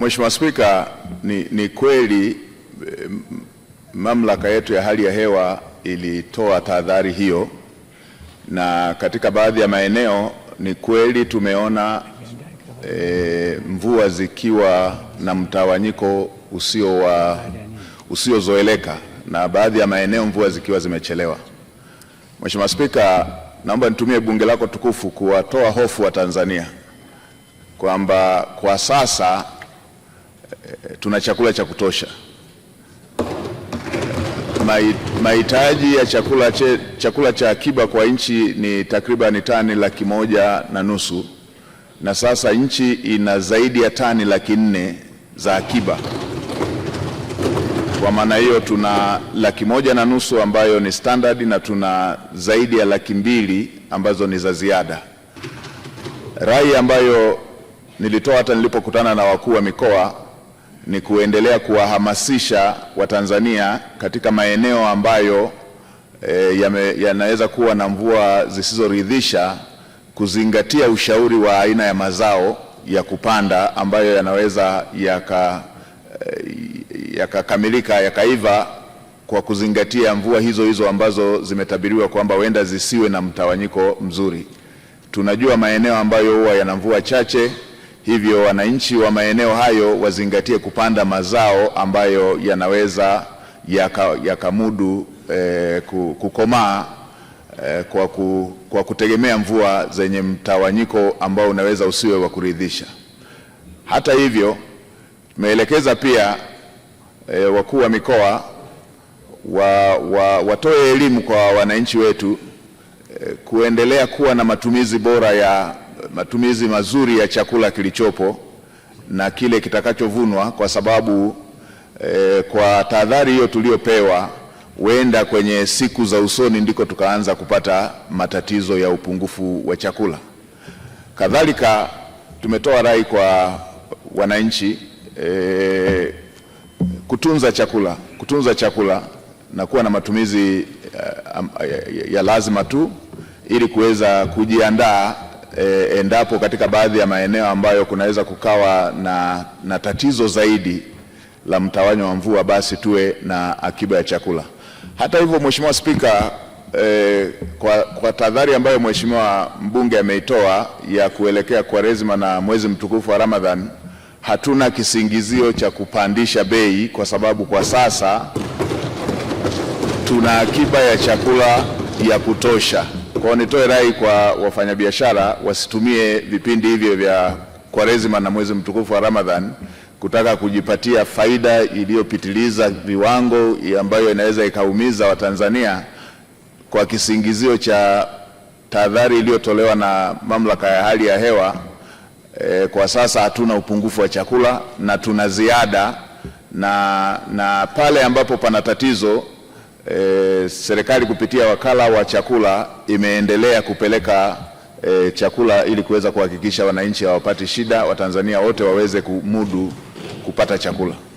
Mheshimiwa Spika, ni, ni kweli eh, mamlaka yetu ya hali ya hewa ilitoa tahadhari hiyo, na katika baadhi ya maeneo ni kweli tumeona e, mvua zikiwa na mtawanyiko usio wa usiozoeleka na baadhi ya maeneo mvua zikiwa zimechelewa. Mheshimiwa Spika, naomba nitumie bunge lako tukufu kuwatoa hofu wa Tanzania kwamba kwa sasa tuna chakula cha kutosha. Mahitaji ya chakula, che, chakula cha akiba kwa nchi ni takriban tani laki moja na nusu na sasa nchi ina zaidi ya tani laki nne za akiba. Kwa maana hiyo tuna laki moja na nusu ambayo ni standard na tuna zaidi ya laki mbili ambazo ni za ziada. Rai ambayo nilitoa hata nilipokutana na wakuu wa mikoa ni kuendelea kuwahamasisha Watanzania katika maeneo ambayo e, yanaweza ya kuwa na mvua zisizoridhisha kuzingatia ushauri wa aina ya mazao ya kupanda ambayo yanaweza eh, yakakamilika yaka yakaiva kwa kuzingatia mvua hizo hizo ambazo zimetabiriwa kwamba huenda zisiwe na mtawanyiko mzuri. Tunajua maeneo ambayo huwa yana mvua chache Hivyo wananchi wa maeneo hayo wazingatie kupanda mazao ambayo yanaweza yakamudu ya eh, kukomaa eh, kwa, ku, kwa kutegemea mvua zenye mtawanyiko ambao unaweza usiwe wa kuridhisha. Hata hivyo tumeelekeza pia eh, wakuu wa mikoa wa, wa, watoe elimu kwa wananchi wetu eh, kuendelea kuwa na matumizi bora ya matumizi mazuri ya chakula kilichopo na kile kitakachovunwa, kwa sababu eh, kwa tahadhari hiyo tuliyopewa, huenda kwenye siku za usoni ndiko tukaanza kupata matatizo ya upungufu wa chakula. Kadhalika tumetoa rai kwa wananchi eh, kutunza chakula, kutunza chakula na kuwa na matumizi eh, ya lazima tu ili kuweza kujiandaa e, endapo katika baadhi ya maeneo ambayo kunaweza kukawa na, na tatizo zaidi la mtawanyo wa mvua, basi tuwe na akiba ya chakula. Hata hivyo, Mheshimiwa Spika, e, kwa, kwa tahadhari ambayo Mheshimiwa mbunge ameitoa ya kuelekea Kwaresima na mwezi mtukufu wa Ramadhan, hatuna kisingizio cha kupandisha bei kwa sababu kwa sasa tuna akiba ya chakula ya kutosha. Kwa nitoe rai kwa wafanyabiashara wasitumie vipindi hivyo vya Kwaresima na mwezi mtukufu wa Ramadhan kutaka kujipatia faida iliyopitiliza viwango ambayo inaweza ikaumiza Watanzania kwa kisingizio cha tahadhari iliyotolewa na mamlaka ya hali ya hewa. E, kwa sasa hatuna upungufu wa chakula na tuna ziada na, na pale ambapo pana tatizo e, serikali kupitia wakala wa chakula imeendelea kupeleka e, chakula ili kuweza kuhakikisha wananchi hawapati shida, Watanzania wote waweze kumudu kupata chakula.